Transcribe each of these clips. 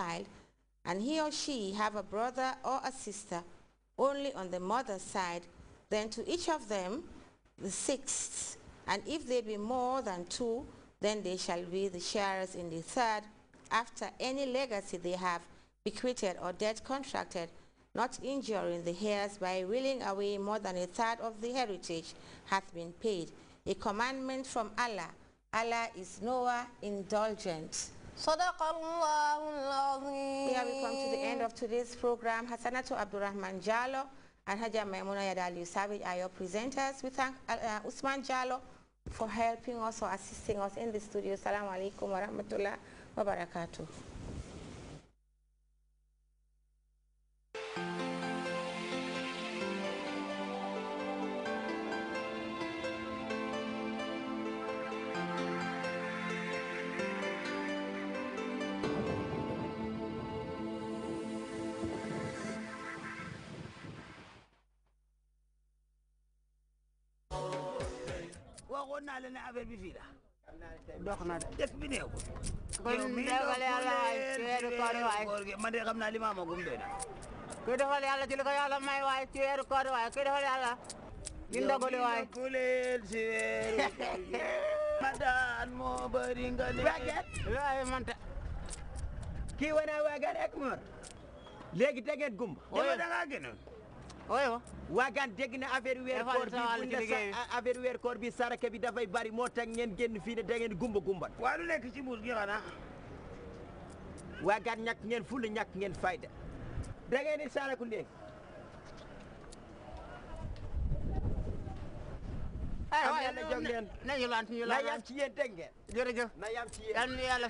child and he or she have a brother or a sister only on the mother's side, then to each of them the sixth, and if there be more than two, then they shall be the sharers in the third, after any legacy they have bequeathed or debt contracted, not injuring the heirs by willing away more than a third of the heritage hath been paid. A commandment from Allah. Allah is Noah indulgent. We come to the end of today's program. Hassanatu Abdurrahman Jalo and Haja Maimuna Yadali Savage are your presenters. We thank uh, uh Usman Jalo for helping us or assisting us in the studio. Assalamu alaikum wa rahmatullah wa barakatuh. waxoon naa leen ne affaire bi fii la na des bi néew yow mii dox leen man de xam naa li ma amagum doy na kuy defal yàlla ci li ko yàlla may waay ci weeru koor waay kuy defal yàlla ci ndogali waay yow mii dox leen ci weeru koor ma daan moo bëri nga leen weget waay manta kii wane weget ek mor léegi tegeet gumba dama da ngaa gënoon oyo waagaan dégg na affaire weer koor bi affaire weer bi saraka dafay bari moo tax ngeen génn fii ne da ngeen gumba gumba waa lu nekk ci muus gi xanaa waagaan ñàkk ngeen fulla ñàkk ngeen fayda da ngeen di saraku ndéeg eh, am yàlla leen nañu la ci yéen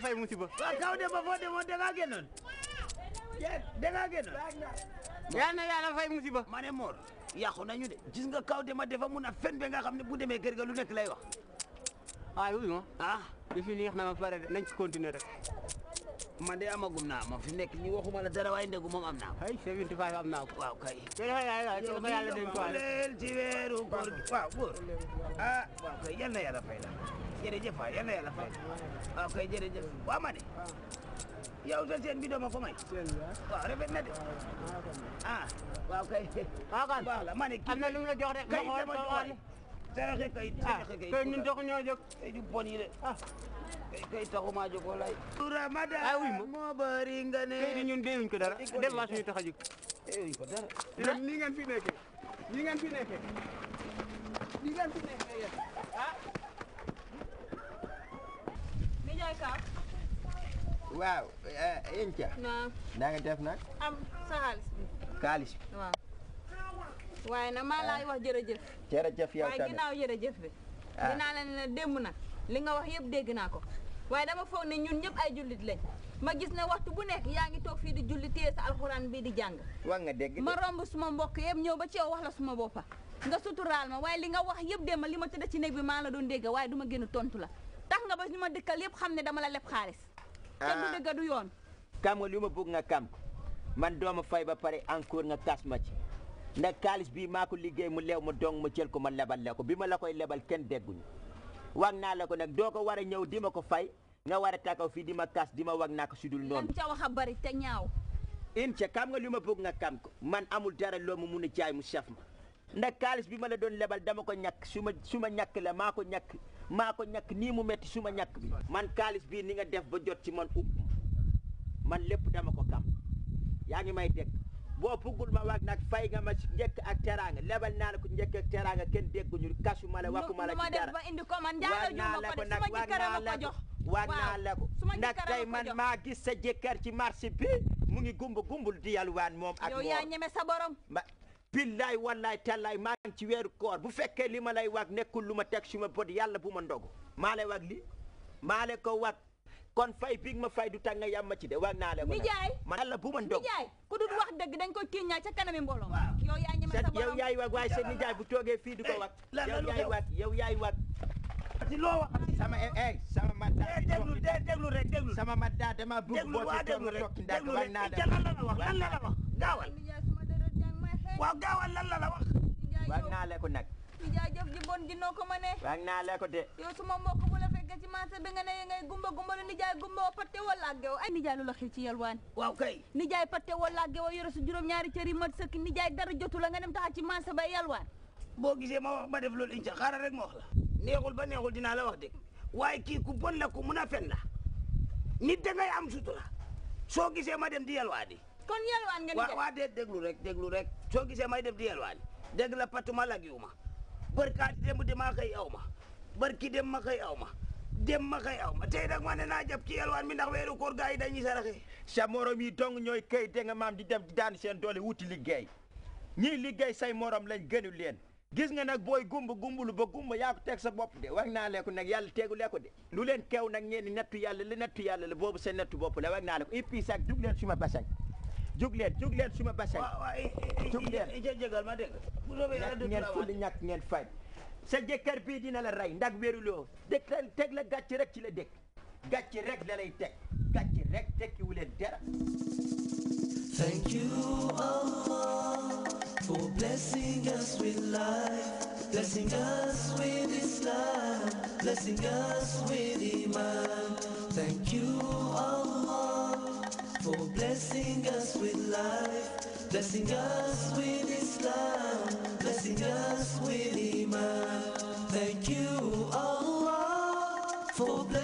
fay musiba waaw kaw de ba foo demoon da ngaa génnoon yal na yàlla fay musiba ma ne Mor yàqu nañu de gis nga kaw dema defa mun a fen be nga xam ne bu demee kër ga lu nekk lay wax waaye wuy ma ah li ah. fi neex na ma pare de nañ ci continuer rek man de amagum naa ma fi nekk ñi waxuma la dara waaye ndegu moom am naa ko ay 75 am naa ko waaw kay dafa yàlla den ko leel ci weeru koor gi waaw góor ah waaw kay yal na yàlla fay la jërëjëf waay yal na yàlla fay la waaw kay jërëjëf waa ma ne yow de seen bi dama ko may. waaw rafet na de ah la ma ne. am na lu mu la jox rek ma xool ma xool taraxe na ah, taraxe kay ñun dox ñoo jóg kay du bon yi de ah kay kay taxuma ah, moo bari ne. kay ñun deewuñ ko dara dem maa suñu tax a jóg. deewuñ ko dara. léegi nii fi nekkee nii ngeen fi nekkee nii ngeen fi nekkee yéen ah. waaw Incha. Eh, naam naa nga def nag. am sa xaalis bi. xaalis bi waaw. waaye nag maa laay wax jërëjëf. jërëjëf yow tamit waaye ginnaaw jërëjëf bi. ah naa la ne démb nag li nga wax yëpp dégg naa ko waaye dama foog ne ñun ñëpp ay jullit lañ. ma gis ne waxtu bu nekk yaa ngi toog fii di julli téye sa alxuraan bi di jàng. wax nga dégg ma romb suma mbokk yëpp ñëw ba ci yow wax la suma boppa nga suturaal ma waaye li nga wax yëpp dem démb li ma tëdd ci néeg bi maa la doon dégg waaye du ma génn tontu la tax nga ba ñu ma dëkkal yëpp xam ne dama la leb xaalis Ah. kenn du dëgg du yoon kam nga li ma bëgg nga kam ko man dooma fay ba pare encore nga tas ma ci ndax kaalis bii maa liggéey mu leew ma dong ma jël ko ma lebal la ko bi ma la koy lebal kenn dégguñu wax naa la ko nag doo ko war a ñëw di ma ko fay nga war a takaw fii di ma kas di ma wax naa ko sudul noonu ca wax bari te ñaaw incha xam nga ma bëgg nga kam man amul dara loo mu mun a jaay mu saf ma ndax kaalis bi ma la doon lebal dama ko ñàkk su ma su ma ñàkk la maa ko ñàkk maa ko ñàkk nii mu metti suma ñàkk bi man kaalis bii ni nga def ba jot ci man upp man lépp dama ko kam yaa ngi may dégg boo buggul ma wax nag fay nga ma ci njëkk ak teraanga lebal naa la ko njëkk ak teraanga kenn dégguñu kasu ma wakku ma la ci dara waat naa ko nag waat naa la ko waat naa la ko nag tey man maa sa jëkkër ci marché bi mu ngi gumba gumbul di yalwaan moom ak moom ñeme sa billaay wallaay tallaay maa ngi ci weeru koor bu fekkee li ma lay wax nekkul lu ma teg suma bu ma ndogu maa lay wax li maa lay ko wax kon fay bi ma fay du tàng nga yàmma ci de wax naa la ko nijaay ma ndogu nijaay ku dul wax dëgg dañ koy kiiñaa ca kanami mbooloo yow yaa ñeme sa borom yow yaay wax waaye seen nijaay bu toogee fii du ko eh, wax yow yaay wax yow yaay wax ati loo wax sama eh, eh sama mandat eh, déglu déglu rek déglu sama mandat dama bëgg boo ci waaw gaawal lan la la wax. waag naa lekku nag. nijaay jëf ji bon ji noo ko ma ne. waag naa lekku de. yow suma mbokk bu la fekkee ci marché bi nga ne ngay gumba gumba lu nijaay gumba wa patte wala ak gew ay nijaay lu la xëy ci yalwaan. waaw kay. nijaay patte wala ak gew yore su juróom-ñaari cër ma mat sëkk nijaay dara jotu la nga dem taxaw ci marché ba yalwaan. boo gisee ma wax ma def loolu incha xaaral rek ma wax la. neexul ba neexul dinaa la wax dëgg waaye kii ku la ku mun a fen nit da am sutura soo gisee ma dem di yalwaa di kon yelwaan ngeen def waa dee déglu rek déglu rek soo gisee may dem di yelwaan dégg la patuma lagiwu ma barkaati démb damaa xëy aw ma barki dem ma xëy aw ma dem ma xëy aw ma tey nag ma ne naa jàpp ci yelwaan mi ndax weeru koor gaa yi dañuy saraxe sa morom yi dong ñooy këy dégg nga maam di dem di daan seen doole wuti liggéey ñii liggéey say morom lañ gënu leen gis nga nag booy gumba gumbulu ba gumba yaa ko teg sa bopp de wax naa leeku nag yàlla teegu leeku de lu leen keew nag ñeeni nettu yàlla la nettu yàlla la boobu sa nettu bopp la wax naa leeku et puis sax suma basang suma jégal ma bu fay sa dina la dëkk la rek ci la dëkk rek la lay rek dara. Thank you Allah for blessing us with life, blessing us with Islam, blessing us with Iman. Thank you Allah for blessing us with life, blessing us with Islam, blessing us with Iman. Thank you, Allah, for blessing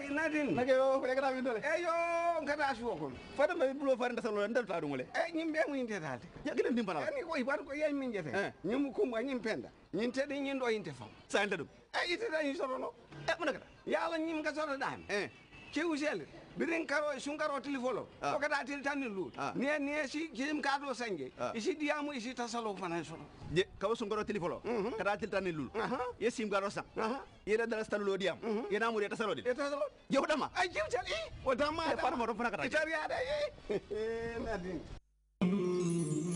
i natin nake yo kule eh, eh, eh. kata windole e yo ngata asuwo kon fada mbawi bulo fare ndasalo ndel ta ɗumole e ñimɓe muñi ndetalde yagginen ndimbalal ani koy wan ko yeyi min jete ñim kumba ñim penda ñin teɗe ñin ɗo yinte fam sa nde ɗum e itteɗa ñi sotono e mona kata yaala ñim ka sotoɗami cewu sele birin karo sun karo tilifolo o kada til tan lu ah. ah. mhm. ni ni si jim ka do sanje isi diamu isi tasalo fana so je kawo sun karo tilifolo kada til tan lu mhm. ye sim garo sa ye da dara stan lo diam yena na mu re tasalo reta tasalo je dama ay jim tan i o dama e fara mo do fana kada itariya de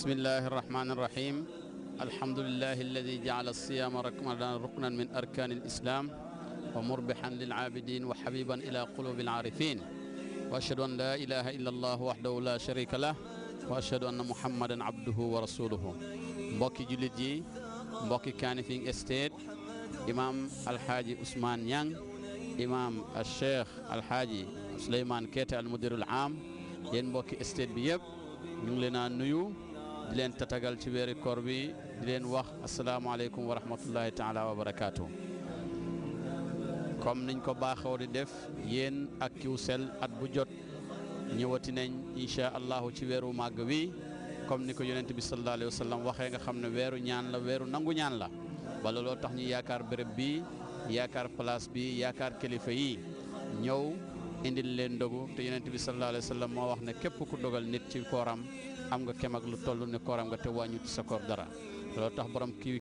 بسم الله الرحمن الرحيم الحمد لله الذي جعل الصيام ركنا من أركان الإسلام ومربحا للعابدين وحبيبا إلى قلوب العارفين وأشهد أن لا إله إلا الله وحده لا شريك له وأشهد أن محمدا عبده ورسوله بوكي جلدي بوكي mbokki Kanifing Estate imam alhaaji Ousmane Niang imam الشيخ alhaaji Souleymane Keita al mudirul am yéen بيب estate di leen tatagal ci weeri koor bi di leen wax asalaamaaleykum wa rahmatullahi taala wa barakaatu. comme niñ ko baaxoo di def yéen ak kiw sel at bu jot ñëwati nañ incha allahu ci weeru màgg wi comme ni ko yonent bi sallallahu alayhi wa sallam waxee nga xam ne weeru ñaan la weeru nangu ñaan la ba looloo tax ñu yaakaar béréb bi yaakaar place bi yaakaar kilifa yi ñëw indil leen dogu te yonent bi sallallahu alayhi wa sallam moo wax ne képp ku dogal nit ci kooram am nga kem lu toll ne kooram nga te wàññi sa koor dara loolu tax borom kii